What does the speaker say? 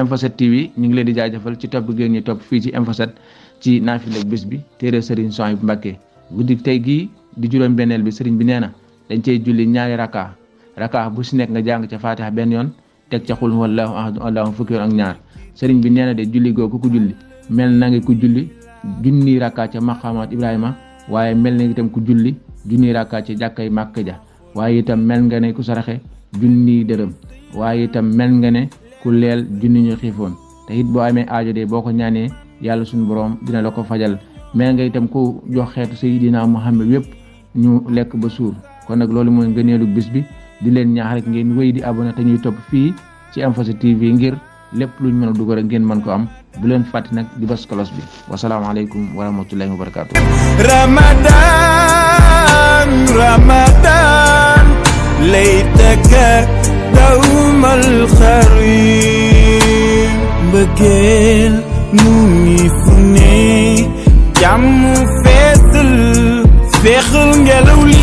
Info 7 TV ñu ngi leen di jaajëfal ci topp gi ñuy topp fii ci Info 7 ci naafileeg bés bi téere Serigne Souhaïbou Mbacké guddi tey gii di juróom benneel bi Serigne bi nee na dañ cey julli ñaari rakka rakka bu si nekk nga jàng ca Fatiha benn yoon teg ca xul wallaahu ahad allahu ak ñaar Serigne bi nee na de julli googu ku julli mel na nga ku julli junni rakka ca maqaamaat Ibrahima waaye mel na itam ku julli junni rakka ca jàkkay Màkka ja waaye itam mel nga ne ku saraxe junni dërëm waaye itam mel nga ne ku leel junni ñu xiifoon te it boo amee aajo de boo ko ñaanee yàlla suñu borom dina la ko fajal mais nga itam ku jox xeetu xam Muhammad yëpp ñu lekk ba suur kon nag loolu mooy ngëneelu bis bi di leen ñaax rek ngeen wéy di abonné te ñuy topp fii ci M Fassie TV ngir lépp luñ mën a dugal rek ngeen mën ko am bu leen fàtte nag di bës kolos bi wasalaamaaleykum wa rahmatullahi wa barakaatu. Ramadan Ramadan laytaka mbëggeel mu ngi fu ne jàmm ngelaw li